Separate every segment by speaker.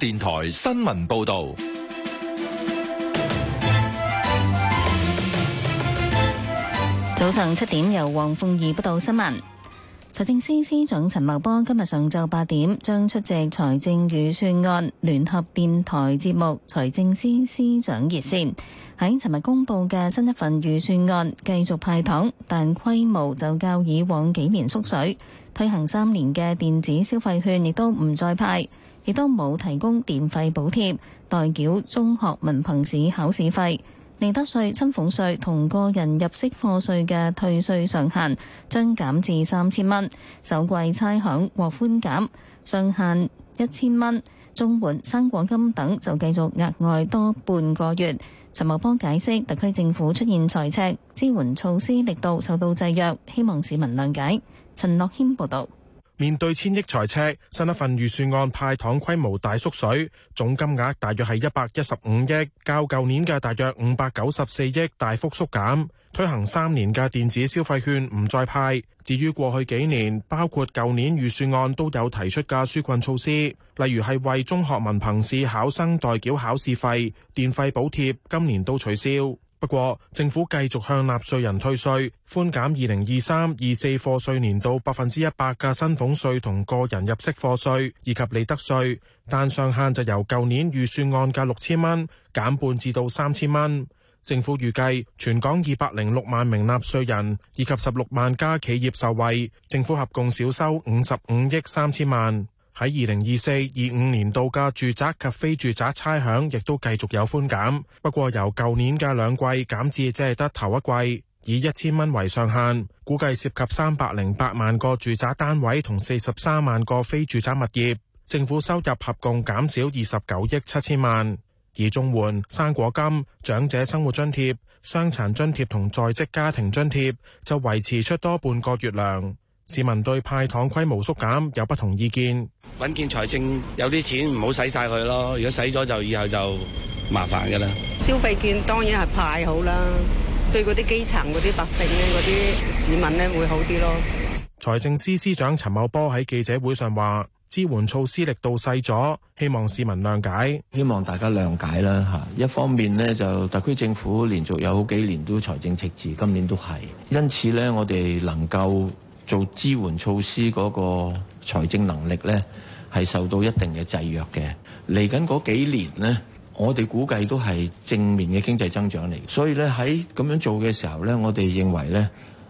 Speaker 1: 電台新聞報道，
Speaker 2: 早上七點由黃鳳儀報道新聞。財政司司長陳茂波今日上晝八點將出席財政預算案聯合電台節目《財政司司長熱線》。喺尋日公布嘅新一份預算案，繼續派糖，但規模就較以往幾年縮水。推行三年嘅電子消費券亦都唔再派。亦都冇提供電費補貼，代繳中學文憑試考試費，利得稅、薪俸稅同個人入息課稅嘅退稅上限將減至三千蚊，首季差餉獲寬減上限一千蚊，綜援生果金等就繼續額外多半個月。陳茂波解釋，特區政府出現財赤，支援措施力度受到制約，希望市民諒解。陳樂謙
Speaker 1: 報道。面對千億財赤，新一份預算案派糖規模大縮水，總金額大約係一百一十五億，較舊年嘅大約五百九十四億大幅縮減。推行三年嘅電子消費券唔再派。至於過去幾年，包括舊年預算案都有提出嘅紓困措施，例如係為中學文憑試考生代繳考試費、電費補貼，今年都取消。不過政府繼續向納稅人退稅，寬減二零二三二四課稅年度百分之一百嘅薪俸稅同個人入息課稅以及利得稅，但上限就由舊年預算案嘅六千蚊減半至到三千蚊。政府預計全港二百零六萬名納稅人以及十六萬家企業受惠，政府合共少收五十五億三千萬。喺二零二四二五年度嘅住宅及非住宅差餉亦都繼續有寬減，不過由舊年嘅兩季減至只係得頭一季，以一千蚊為上限，估計涉及三百零八萬個住宅單位同四十三萬個非住宅物業，政府收入合共減少二十九億七千萬，而綜援、生果金、長者生活津貼、傷殘津貼同在職家庭津貼就維持出多半個月糧。市民對派糖規模縮減有不同意見。
Speaker 3: 穩健財政，有啲錢唔好使晒佢咯，如果使咗就以後就麻煩噶啦。消費券當然係派好啦，
Speaker 1: 對嗰啲基層嗰啲百姓咧、嗰啲市民咧會好啲咯。財政司司長陳茂波喺記者會上話，支援措施力度細咗，希望市民諒解。希望大家諒解
Speaker 3: 啦嚇。一方面呢，就特區政府連續有好幾年都財政赤字，今年都係，因此呢，我哋能夠做支援措施嗰個財政能力咧，係受到一定嘅制約嘅。嚟緊嗰幾年咧，我哋估計都係正面嘅經濟增長嚟。所以咧，喺咁樣做嘅時候咧，我哋認為咧，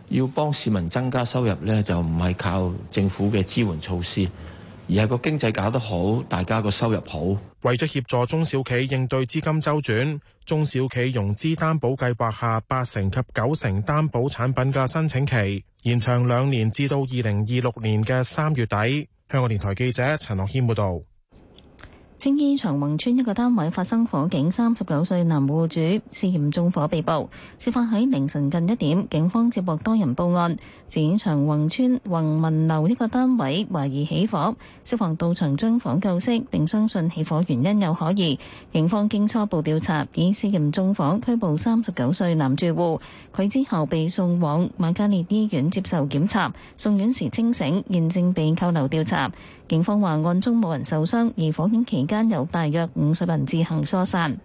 Speaker 3: 要幫市民增加收入咧，就唔係靠
Speaker 1: 政府嘅支援措施，而係個經濟搞得好，大家個收入好。為咗協助中小企應對資金周轉，中小企融資擔保計劃下八成及九成擔保產品嘅申請期延長兩年，至到二零二六年嘅三月底。香港電台記者陳樂軒報導。
Speaker 2: 青衣長宏村一個單位發生火警，三十九歲男戶主涉嫌縱火被捕。事發喺凌晨近一點，警方接獲多人報案，指長宏村宏文樓一個單位懷疑起火。消防到場將火救熄，並相信起火原因有可疑。警方經初步調查，以涉嫌縱火拘捕三十九歲男住戶。佢之後被送往瑪嘉烈醫院接受檢查，送院時清醒，現正被扣留調查。警方話案中冇人受傷，而火警期間有大約五十人自行疏散。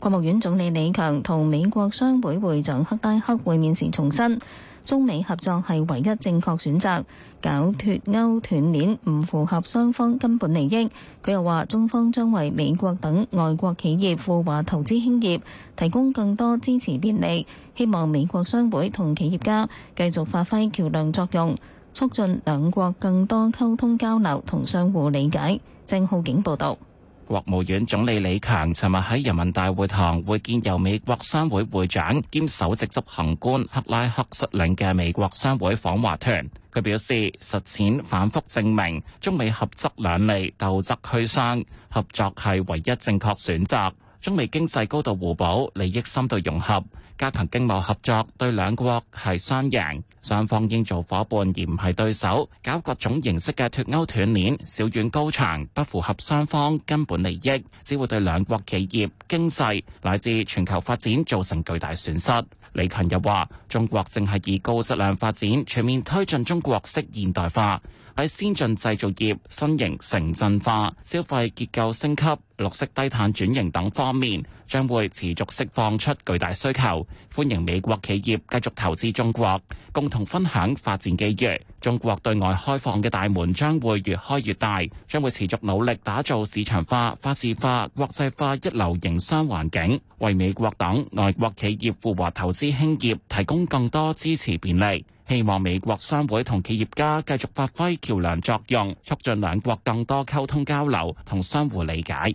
Speaker 2: 國務院總理李強同美國商會會長克拉克會面時重申，中美合作係唯一正確選擇，搞脫歐斷鏈唔符合雙方根本利益。佢又話，中方將為美國等外國企業赴華投資興業提供更多支持便利，希望美國商會同企業家繼續發揮橋樑作用。促進兩國更多溝通交流、同相互理解。鄭浩景報道。
Speaker 3: 國務院總理李強尋日喺人民大會堂會見由美國商會會長兼首席執行官克拉克率領嘅美國商會訪華團，佢表示，實踐反覆證明，中美合則兩利，鬥則俱傷，合作係唯一正確選擇。中美經濟高度互補，利益深度融合，加強經貿合作對兩國係雙贏。雙方應做伙伴而唔係對手，搞各種形式嘅脱鉤斷鏈、小院高牆，不符合雙方根本利益，只會對兩國企業經濟、經濟乃至全球發展造成巨大損失。李強又話，中國正係以高質量發展全面推進中國式現代化，喺先進製造業、新型城鎮化、消費結構升級、綠色低碳轉型等方面，將會持續釋放出巨大需求，歡迎美國企業繼續投資中國，共同分享發展機遇。中國對外開放嘅大門將會越開越大，將會持續努力打造市場化、法治化、國際化一流營商環境，為美國等外國企業赴華投資興業提供更多支持便利。希望美國商會同企業家繼續發揮橋樑作用，促進兩國更多溝通交流同相互理解。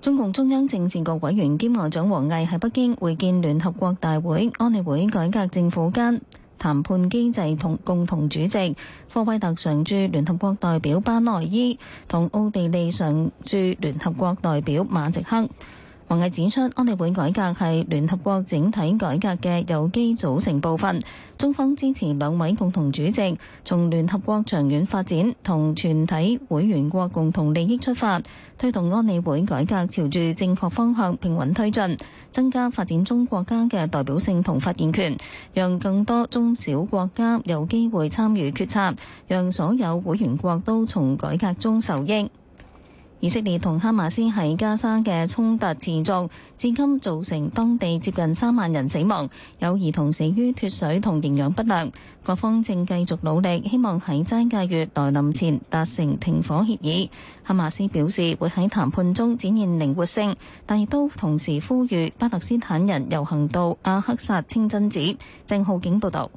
Speaker 2: 中共中央政治局委員兼外長王毅喺北京會見聯合國大會安理會改革政府間談判機制同共同主席科威特常駐聯合國代表巴內伊同奧地利常駐聯合國代表馬席克。王毅指出，安理會改革係聯合國整體改革嘅有機組成部分。中方支持兩位共同主席，從聯合國長遠發展同全體會員國共同利益出發，推動安理會改革朝住正確方向平穩推進，增加發展中國家嘅代表性同發言權，讓更多中小國家有機會參與決策，讓所有會員國都從改革中受益。以色列同哈馬斯喺加沙嘅衝突持續，至今造成當地接近三萬人死亡，有兒童死於脱水同營養不良。各方正繼續努力，希望喺齋戒月來臨前達成停火協議。哈馬斯表示會喺談判中展現靈活性，但亦都同時呼籲巴勒斯坦人遊行到阿克薩清真寺。鄭浩景報道。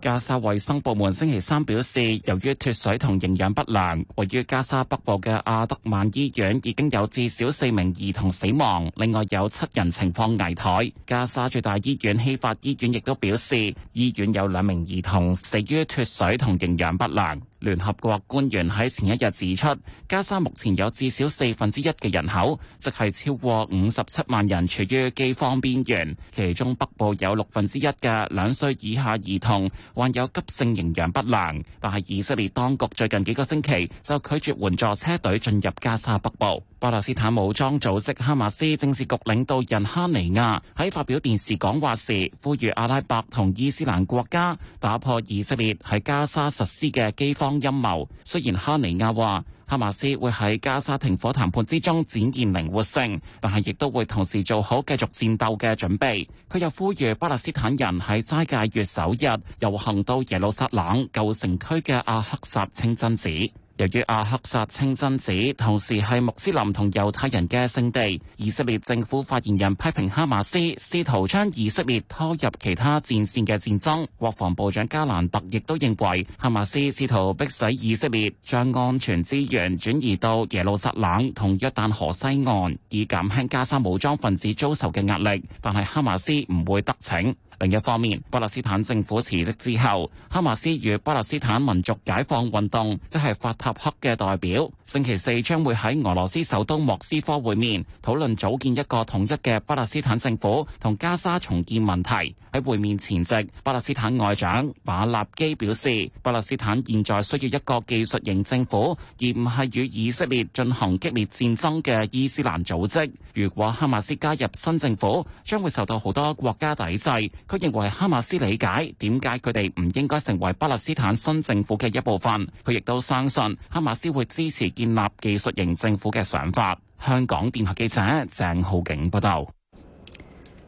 Speaker 3: 加沙衛生部門星期三表示，由於脫水同營養不良，位於加沙北部嘅阿德曼醫院已經有至少四名兒童死亡，另外有七人情況危殆。加沙最大醫院希法醫院亦都表示，醫院有兩名兒童死於脫水同營養不良。聯合國官員喺前一日指出，加沙目前有至少四分之一嘅人口，即係超過五十七萬人，處於饑荒邊緣。其中北部有六分之一嘅兩歲以下兒童患有急性營養不良，但係以色列當局最近幾個星期就拒絕援助車隊進入加沙北部。巴勒斯坦武裝組織哈馬斯政治局領導人哈尼亞喺發表電視講話時，呼籲阿拉伯同伊斯蘭國家打破以色列喺加沙實施嘅飢荒陰謀。雖然哈尼亞話哈馬斯會喺加沙停火談判之中展現靈活性，但係亦都會同時做好繼續戰鬥嘅準備。佢又呼籲巴勒斯坦人喺齋戒月首日遊行到耶路撒冷舊城區嘅阿克薩清真寺。由於阿克薩清真寺同時係穆斯林同猶太人嘅聖地，以色列政府發言人批評哈馬斯試圖將以色列拖入其他戰線嘅戰爭。國防部長加蘭特亦都認為，哈馬斯試圖迫使以色列將安全資源轉移到耶路撒冷同約旦河西岸，以減輕加沙武裝分子遭受嘅壓力。但係哈馬斯唔會得逞。另一方面，巴勒斯坦政府辭職之後，哈馬斯與巴勒斯坦民族解放運動即係法塔赫嘅代表，星期四將會喺俄羅斯首都莫斯科會面，討論組建一個統一嘅巴勒斯坦政府同加沙重建問題。喺會面前夕，巴勒斯坦外長馬納基表示，巴勒斯坦現在需要一個技術型政府，而唔係與以色列進行激烈戰爭嘅伊斯蘭組織。如果哈馬斯加入新政府，將會受到好多國家抵制。佢認為哈馬斯理解點解佢哋唔應該成為巴勒斯坦新政府嘅一部分。佢亦都相信哈馬斯會支持。建立技術型政府嘅想法。香港電台記者鄭浩景報道。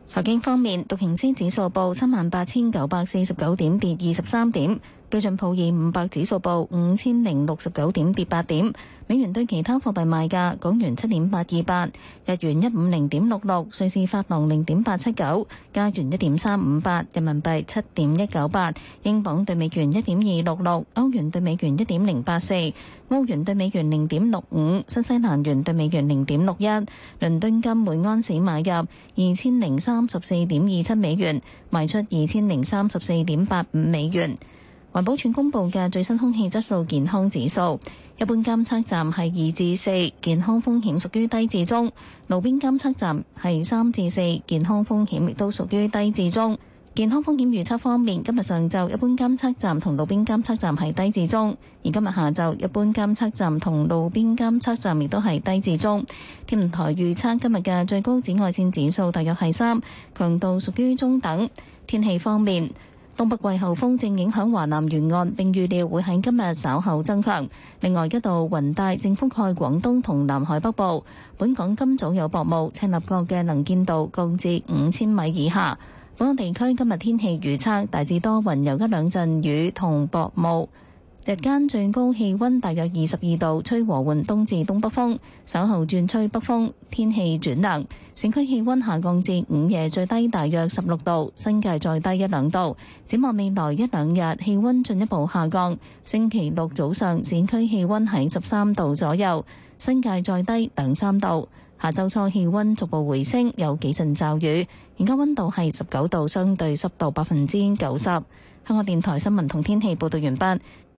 Speaker 2: 財經方面，道瓊斯指數報三萬八千九百四十九點，跌二十三點。標準普爾五百指數報五千零六十九點，跌八點。美元對其他貨幣賣價：港元七點八二八，日元一五零點六六，瑞士法郎零點八七九，加元一點三五八，人民幣七點一九八，英鎊對美元一點二六六，歐元對美元一點零八四，澳元對美元零點六五，新西蘭元對美元零點六一。倫敦金每安士買入二千零三十四點二七美元，賣出二千零三十四點八五美元。環保署公布嘅最新空氣質素健康指數，一般監測站係二至四，健康風險屬於低至中；路邊監測站係三至四，健康風險亦都屬於低至中。健康風險預測方面，今日上晝一般監測站同路邊監測站係低至中，而今日下晝一般監測站同路邊監測站亦都係低至中。天文台預測今日嘅最高紫外線指數大約係三，強度屬於中等。天氣方面。東北季候風正影響華南沿岸，並預料會喺今日稍後增強。另外一道雲帶正覆蓋廣東同南海北部。本港今早有薄霧，赤鱲角嘅能見度降至五千米以下。本港地區今日天氣預測大致多雲，有一兩陣雨同薄霧。日間最高氣温大約二十二度，吹和緩東至東北風，稍後轉吹北風，天氣轉冷，市區氣温下降至午夜最低大約十六度，新界再低一兩度。展望未來一兩日氣温進一步下降，星期六早上市區氣温喺十三度左右，新界再低兩三度。下週初氣温逐步回升，有幾陣驟雨。而家温度係十九度，相對濕度百分之九十。香港電台新聞同天氣報道完畢。